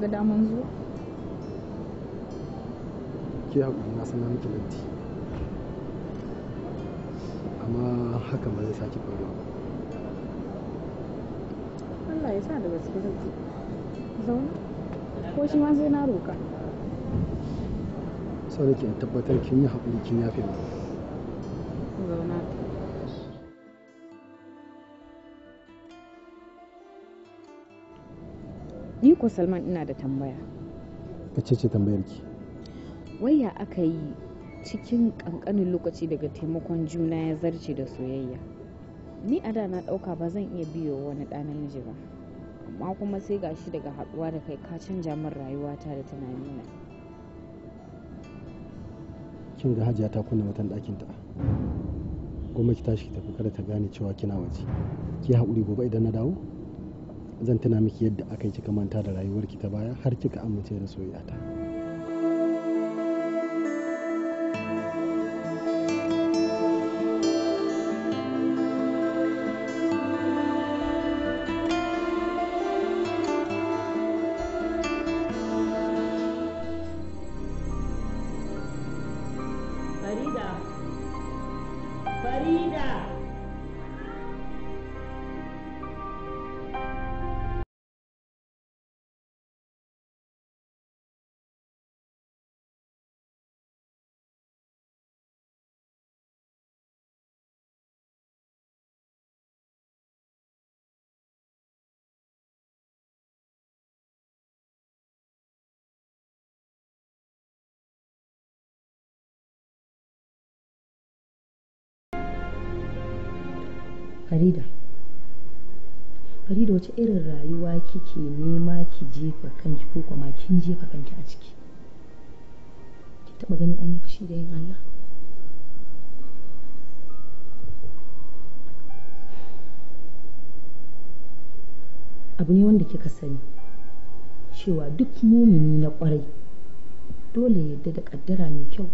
ga daman zuwa ke haƙuri na sanar miki lanti amma haka ba zai sake faruwa Allah ya sa da gaske zai zauna ko shi ma sai na roka sau da ke tabbatar kin yi haƙuri kin yafe ba zauna farko salman ina da tambaya wace ce tambayar ki waya aka yi cikin kankanin lokaci daga taimakon juna ya zarce da soyayya ni a da na dauka ba zan iya biyo wani ɗa namiji ba amma kuma sai gashi daga haɗuwa da kai ka canja min rayuwata da tunanina kin ga hajiya ta kunna watan ɗakin ta goma ki tashi ki tafi kada ta gane cewa kina waje ki haƙuri gobe idan na dawo zan tuna miki yadda aka yi kika manta da rayuwarki ta baya har kika amince da soyayya ta. Farida Farida wace irin rayuwa kike nema ki jefa kanki ko kuma kin jefa kanki a ciki ki taba gani an yi fushi da yin Allah abu ne wanda kika sani cewa duk mumini na kwarai dole yadda da kaddara mai kyau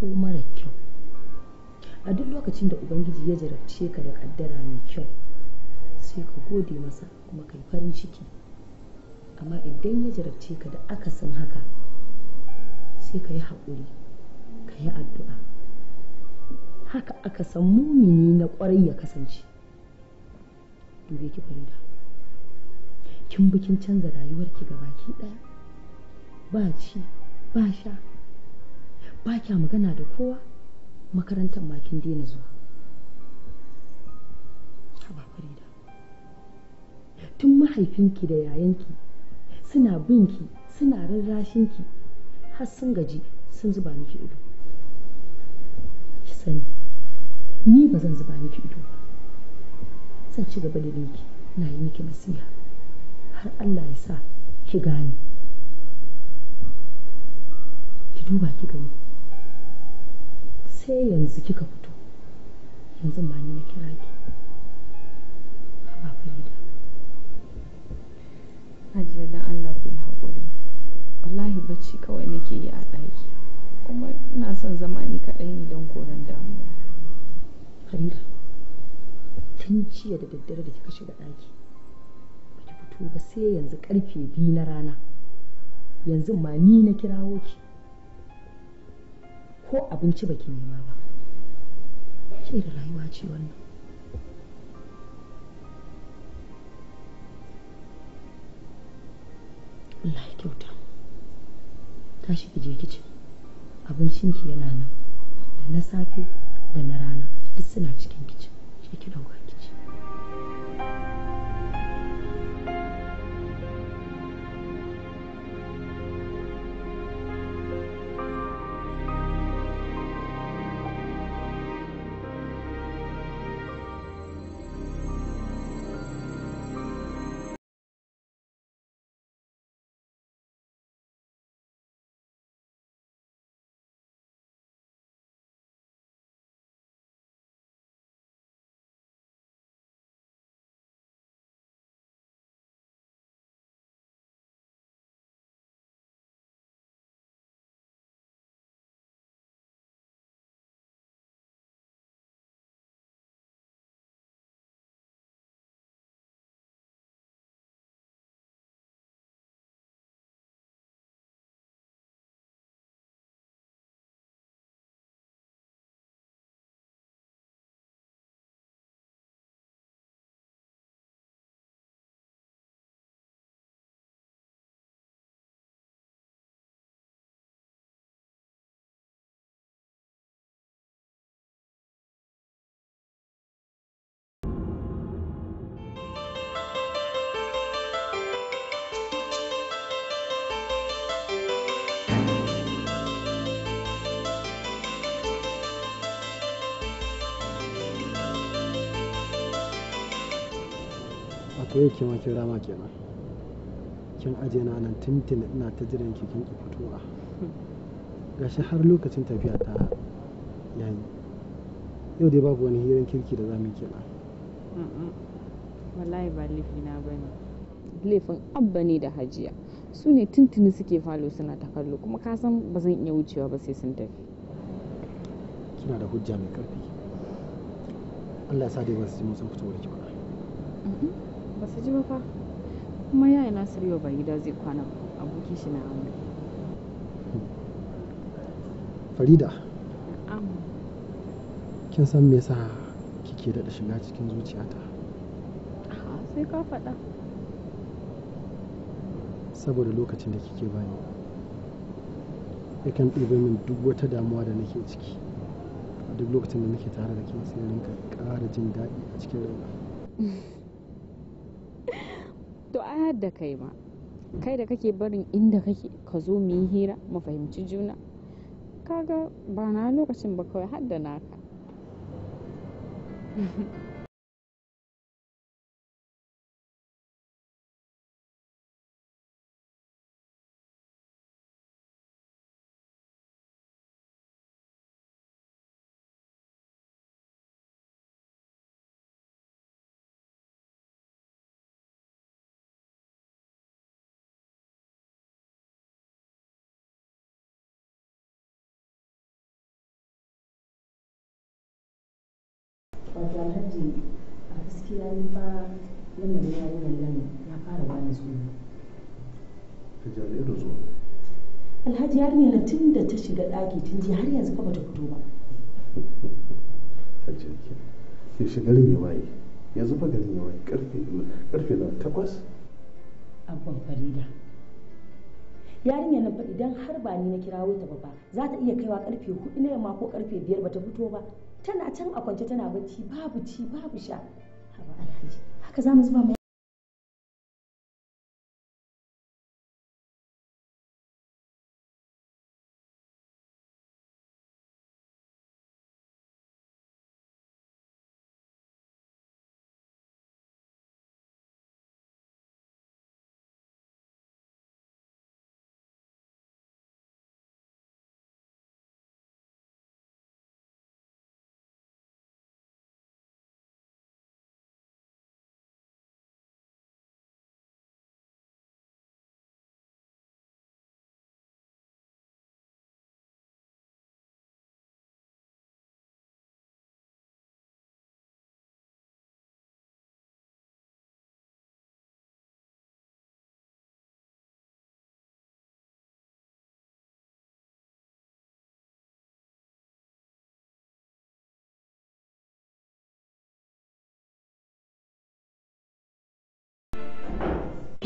ko mara kyau a duk lokacin da ubangiji ya jarabce ka da kaddara mai kyau sai ka gode masa kuma kai farin ciki amma idan ya jarabce ka da akasin haka sai ka yi haƙuri ka yi addu'a haka aka san mumini na ƙwarai ya kasance dube ki farida kin bikin canza rayuwarki ga baki ɗaya ba ci ba sha ba kya magana da kowa makarantar makin kin daina zuwa haba farida tun mahaifinki da yayanki suna binki suna rarrashinki har sun gaji sun zuba miki ido ki sani ni ba zan zuba miki ido ba zan ci gaba da binki na yi miki nasiha har Allah ya sa ki gane ki duba ki gani sai yanzu kika fito yanzu ma ni na kira ki hajiya dan Allah ku yi haƙuri wallahi bacci kawai nake yi a ɗaki kuma ina son zama ni kaɗai ne don koran damuwa harira tun jiya da daddare da kika shiga ɗaki ba ki fito ba sai yanzu karfe biyu na rana yanzu ma ni na kirawo ki ko abinci baki nema ba ce da rayuwa ce wannan Allah ya kyauta tashi ki je kicin abincin ki yana nan da na safe da na rana duk suna cikin kicin shi ki dauka ke eh, ke ma kin rama kenan kin aje na nan tintin ina ta jiran ki kin ki fitowa gashi har lokacin tafiya ta yayi yau dai babu wani hirin kirki da zamu kenan wallahi ba na bane laifin abba ne da hajiya su ne tuntuni suke falo suna ta kallo kuma ka san ba zan iya wucewa ba sai sun tafi kina da hujja mai karfi Allah ya sa dai ba su ji mun san fitowar ki ba mm-hmm. ba su ji ba fa kuma yaya yau ba gida zai kwana abokin shi na aure farida kin san me yasa kike da shiga cikin zuciyata sai ka faɗa saboda lokacin da kike bani yakan ɗebe min duk wata damuwa da nake ciki duk lokacin da nake tare da ke sai rinka ƙara jin daɗi a cikin raina to a har da kai ma kai da kake barin inda kake ka zo mu yi hira mu fahimci juna kaga ba na lokacin ba kawai har da naka ta alhaji a gaskiya ni fa lamarin yarinyar nan ya fara bani tsoro ta jami'ar da tsoro alhaji tun da ta shiga ɗaki tun ji har yanzu kaba ta fito ba a jirgin ya shiga rin ya waye yanzu fa garin ya waye karfe na takwas abban farida yarinyar nan fa idan har ba ni na kirawo ta ba za ta iya kaiwa karfe hudu na yamma ko karfe biyar ba ta fito ba tana can a kwance tana bacci babu ci babu sha haka za mu zuba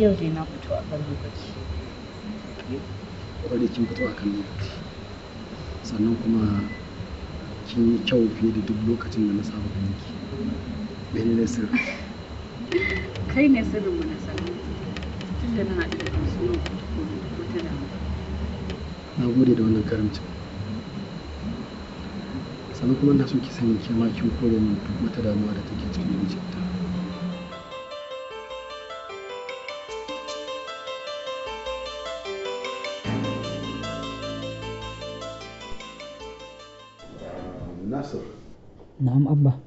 Yau dai na fito a kan lokaci. Kwarai kin fito a kan lokaci. Sannan kuma kin yi kyau fiye da duk lokacin da na saba ganin ki. Mene ne sirri? Kai ne sirrin mu na sani. Tun da na haɗu da kansu yau ko ta damu. Na gode da wannan karamcin. sannan kuma na so ki sani ke ma kin kore min duk wata damuwa da take cikin zuciyarta Na'am abba.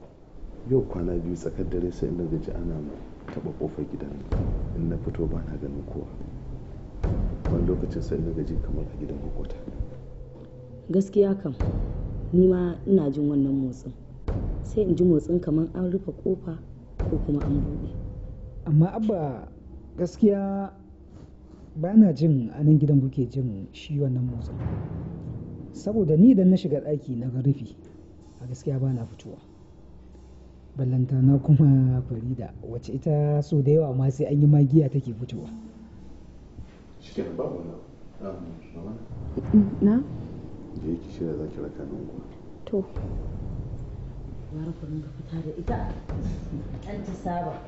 Yau kwana biyu tsakar dare sai inda gaji ana taɓa ƙofar gidan in na fito ba na ganin kowa. Wani lokacin sai inda gaji kamar a gidan makwata. Gaskiya kam, ni ma ina jin wannan motsin. Sai in ji motsin kamar an rufe kofa ko kuma an buɗe. Amma abba gaskiya ba na jin a nan gidan kuke jin shi wannan motsin. Saboda ni idan na shiga ɗaki na ga rufi. a gaskiya ba na fitowa ballantana kuma farida wacce ita so da yawa ma sai an yi magiya take fitowa na da yake shirya za ki raka nan kuwa to bari ku ga fita da ita an ta saba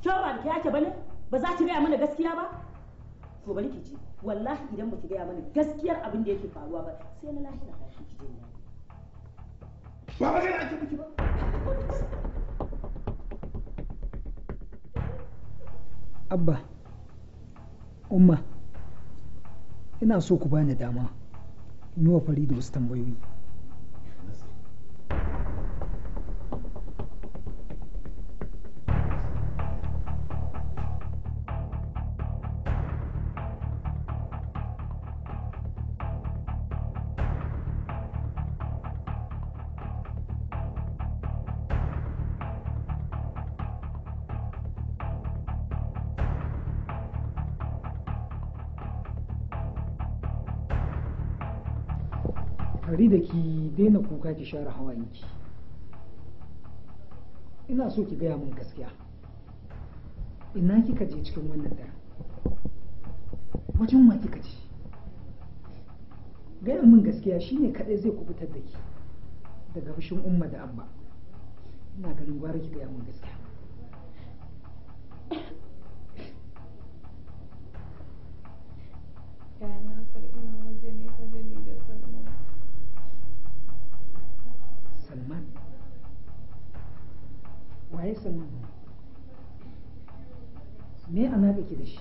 Cewa ba ka ke ake bane? Ba za ki gaya mana gaskiya ba? To bari ki ji, wallahi idan ba gaya mana gaskiyar abin da yake faruwa ba, sai na lahira ta ki je na. Ba ake miki ba. Abba, Umma, ina so ku bani dama, nuwa fari da wasu tambayoyi. da ki daina kuka ki share hawayenki ina so ki gaya min gaskiya ina kika je cikin wannan dare wajen ma kika je gaya min gaskiya shine kadai zai kubutar da ki daga fushin umma da abba ina ganin gwara ki gaya min gaskiya yi sallah me alaƙa ki da shi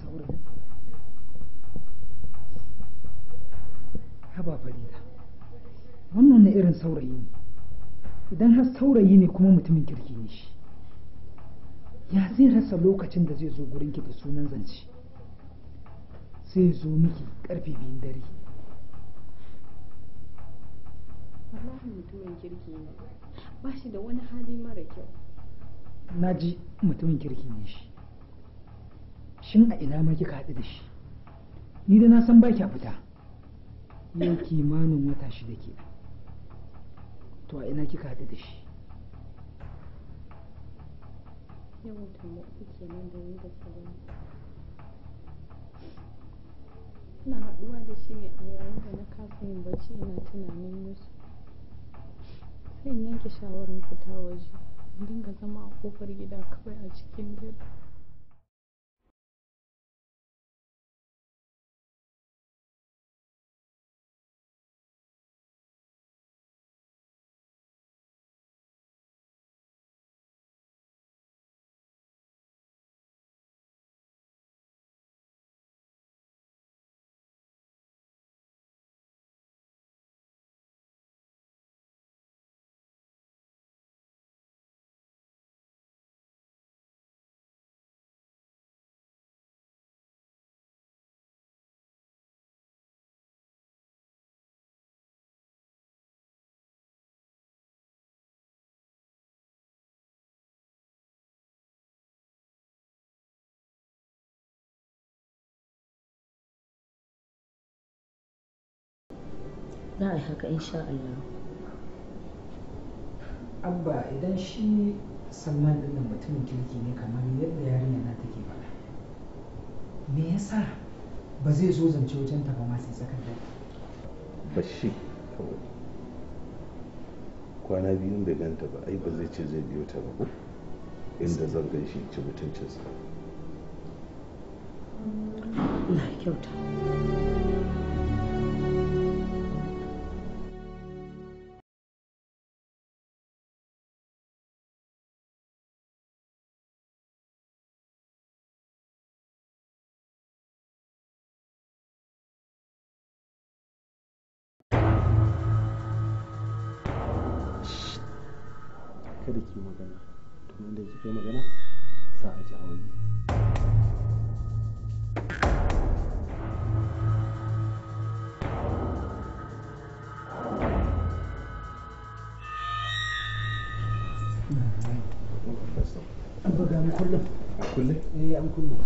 saurin haba farida wannan na irin saurayi ne idan har saurayi ne kuma mutumin kirki ne shi ya zai rasa lokacin da zai zo gurinki da sunan zance sai zo miki karfe biyun dare wallahi mutumin kirki ne ba shi da wani hali mara kyau na ji mutumin kirki ne shi shin a ina ma kika haɗu da shi ni da na san ba kya fita yau kimanin wata shi da ke to a ina kika haɗu da shi yawan tambayi nan da ni da sauran ina haɗuwa da shi ne a yayin da na kasa yin bacci ina tunanin musu zan yanke shawarar fita waje in dinga zama a ƙofar gida kawai a cikin dare za a yi haka insha Allah abba idan shi salman din nan mutumin kirki ne kamar yadda yarinya na take faɗa me yasa ba zai zo zance wajen ta ba ma sai tsakar da ba shi kwana biyun bai ganta ba ai ba zai ce zai biyo ta ba ko inda zan gan shi ci mutuncinsa na kyauta an buga eh, an kullum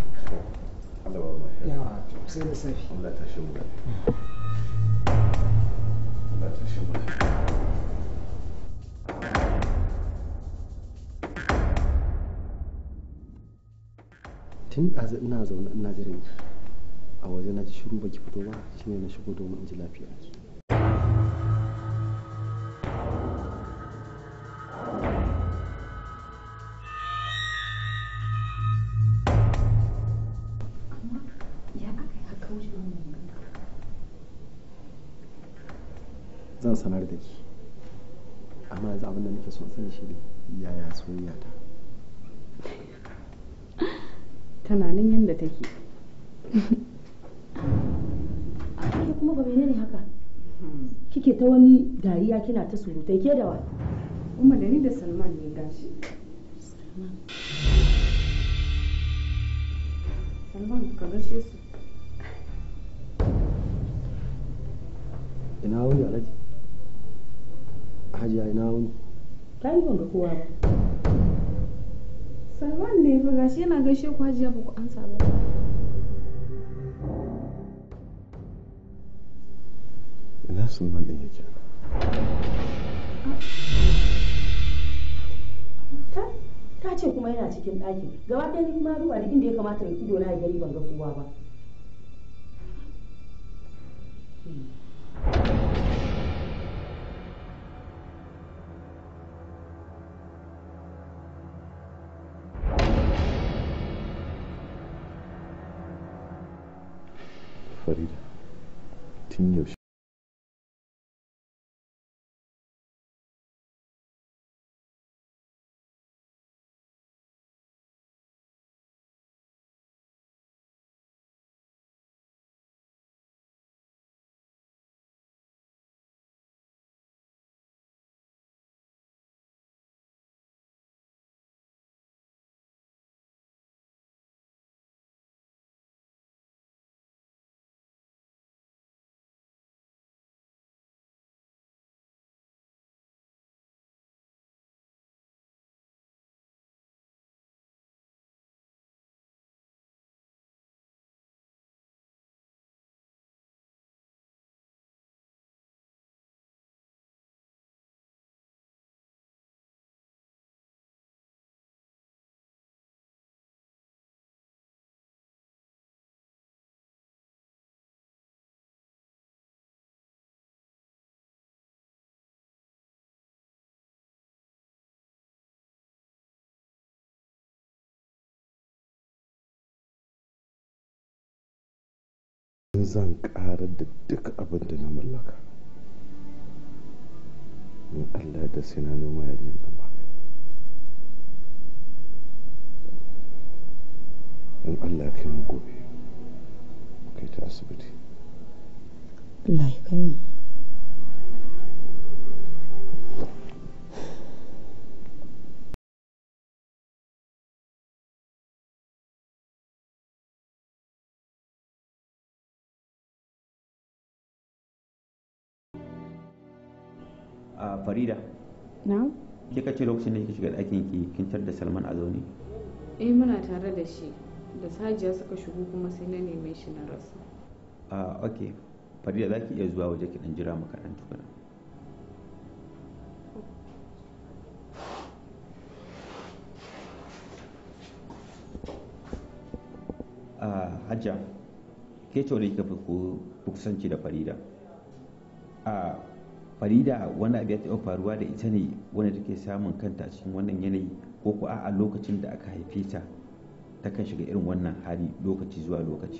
tun ɗazu ina zaune ina jiran a waje na ji shiru baki fito ba ne na shigo domin in ji lafiya zan sanar da ke amma yanzu abin da nake son sani shi ne yaya soyayya ta tana nan yadda take ke kuma ba menene haka hmm. kike ta wani dariya kina ta surutai ke da wa kuma da ni da salman ne gashi salman ka gashe su ina wuri alaji? hajiya ina wuni ta yi ga kowa ba. salman ne fa gashi yana gaishe ku hajiya ba ku amsa ba ina salman din yake ta ce kuma yana cikin ɗaki. gaba ɗaya kuma ruwa da inda ya kamata ya ido na ya gari ban ga kowa ba 신여시 zan ƙara da duk abin da na mallaka in allah da sinanin na noma nan ba in allah kai mu gobe mu kai ta asibiti allah ya kai mu a farida na'am ka ce lokacin da kika shiga ɗakin ki kintar da salman a zaune eh muna tare da shi da sajiya suka shigo kuma sai na neme shi na rasa a ok farida za ki iya zuwa waje ki dan jira mu kaɗan tukuna a hajja ke ce wani kika fi kusanci da farida a farida wani abu ya taɓa faruwa da ita ne wanda take samun kanta a cikin wannan yanayi ko ku a lokacin da aka haife ta takan shiga irin wannan hali lokaci zuwa lokaci